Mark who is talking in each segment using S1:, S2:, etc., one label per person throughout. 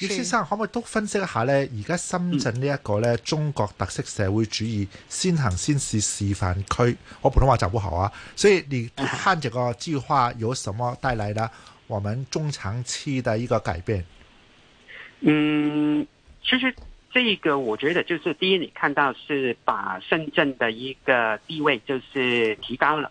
S1: 李先生
S2: 是可唔可以都分析一下呢？而家深圳呢一個呢中國特色社會主義先行先試示範區，我普通話就唔好啊。所以你看，這個計劃有什麼帶來呢？我們中長期的一個改變？嗯，
S1: 其實這個我覺得，就是第一，你看到是把深圳的一個地位就是提高了。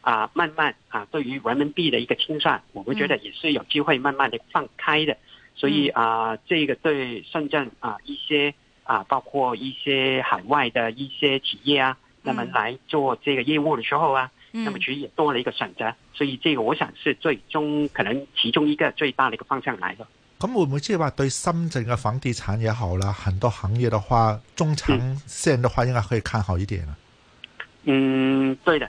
S1: 啊，慢慢啊，對於人民幣的一個清算，我們覺得也是有機會慢慢的放開的。嗯、所以啊，這個對深圳啊，一些啊，包括一些海外的一些企業啊，那麼來做這個業務的時候啊，嗯、那麼其實也多了一個選擇。嗯、所以這個我想是最終可能其中一個最大的一個方向來了。
S2: 咁會唔會即係話對深圳嘅房地產也好啦，很多行業的話，中長線的話應該可以看好一點啊？嗯，
S1: 對的。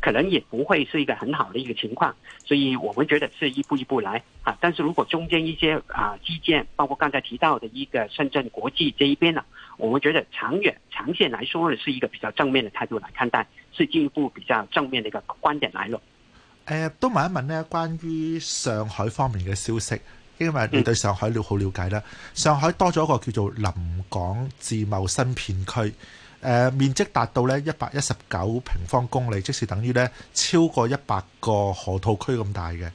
S1: 可能也不會是一個很好的一個情況，所以我們覺得是一步一步來啊。但是如果中間一些啊基建，包括剛才提到的一個深圳國際這一邊呢，我們覺得長遠長線來說呢，是一個比較正面的態度來看待，是進一步比較正面的一個觀點來
S2: 了。誒、呃，都問一問呢關於上海方面嘅消息，因為你對上海了好了解啦，嗯、上海多咗一個叫做臨港自貿新片區。呃、面積達到咧一百一十九平方公里，即是等於咧超過一百個河套區咁大嘅。誒、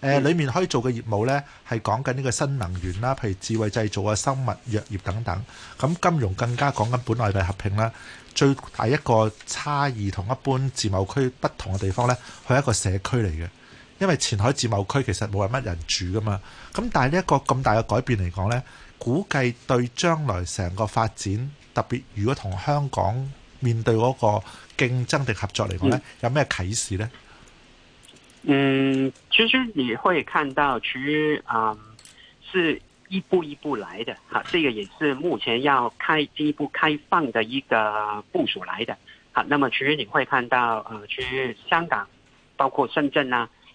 S2: 呃、裏、嗯、面可以做嘅業務咧，係講緊呢個新能源啦，譬如智慧製造啊、生物藥業等等。咁金融更加講緊本來嘅合併啦。最大一個差異同一般自貿區不同嘅地方咧，佢係一個社區嚟嘅，因為前海自貿區其實冇係乜人住㗎嘛。咁但係呢一個咁大嘅改變嚟講咧。估計對將來成個發展，特別如果同香港面對嗰個競爭的合作嚟講呢、嗯、有咩啟示呢？嗯，
S1: 其實你會看到，其實啊、呃，是一步一步來的。好，這個也是目前要開進一步開放的一個部署來的。好，那麼其實你會看到，呃，其實香港包括深圳啊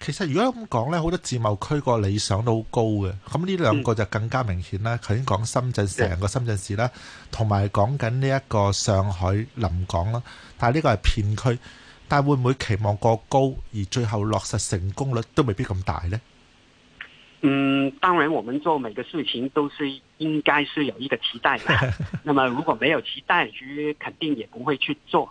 S2: 其實如果咁講呢，好多自貿區個理想都好高嘅，咁呢兩個就更加明顯啦。頭先、嗯、講深圳成個深圳市啦，同埋、嗯、講緊呢一個上海臨港啦，但係呢個係片區，但係會唔會期望過高而最後落實成功率都未必咁大呢？嗯，
S1: 當然，我們做每個事情都是應該是有一個期待嘅。 那麼如果沒有期待，於肯定也不會去做。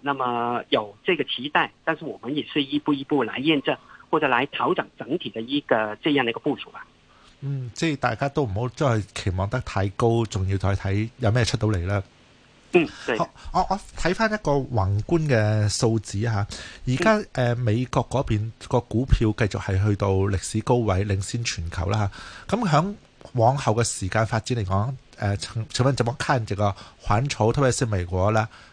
S1: 那麼有這個期待，但是我們也是一步一步來驗證或者來調整整體的一個這樣的一個部署吧。嗯，
S2: 即係大家都唔好再期望得太高，仲要再睇有咩出到嚟啦。嗯，對。好，我我睇翻一個宏觀嘅數字吓，而家誒美國嗰邊個股票繼續係去到歷史高位，領先全球啦吓。咁、啊、響往後嘅時間發展嚟講，誒、呃，請請問怎麼看這個環球，特別是美國啦？啊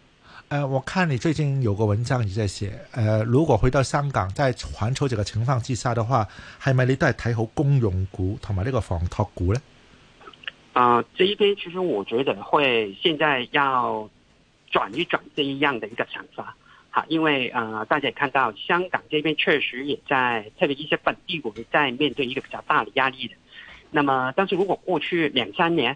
S2: 呃，我看你最近有個文章，你在寫，呃，如果回到香港，在環球這個情況之下的話，係咪你都係睇好公用股同埋呢個房託股呢？啊、
S1: 呃，這一邊其實我覺得會，現在要轉一轉這一樣的一個想法，好，因為呃，大家也看到香港這邊確實也在，特別一些本地股也在面對一個比較大的壓力的，那麼，但是如果過去兩三年。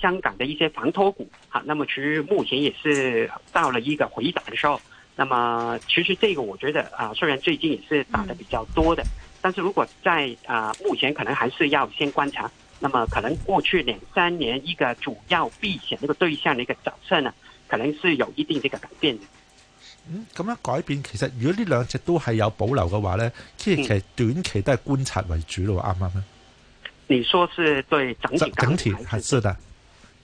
S1: 香港的一些防脫股，那麼其實目前也是到了一個回檔的時候。那麼其實這個我覺得啊，雖然最近也是打的比較多的，但是如果在啊目前可能還是要先觀察。那麼可能過去兩三年一個主要避險這個對象的一個角色呢，可能是有一定這個改變的。嗯，
S2: 咁樣改變，其實如果呢兩隻都係有保留嘅話咧，其實短期都係觀察為主咯，啱唔啱
S1: 啊？嗎你說是對整體，整體還
S2: 是的。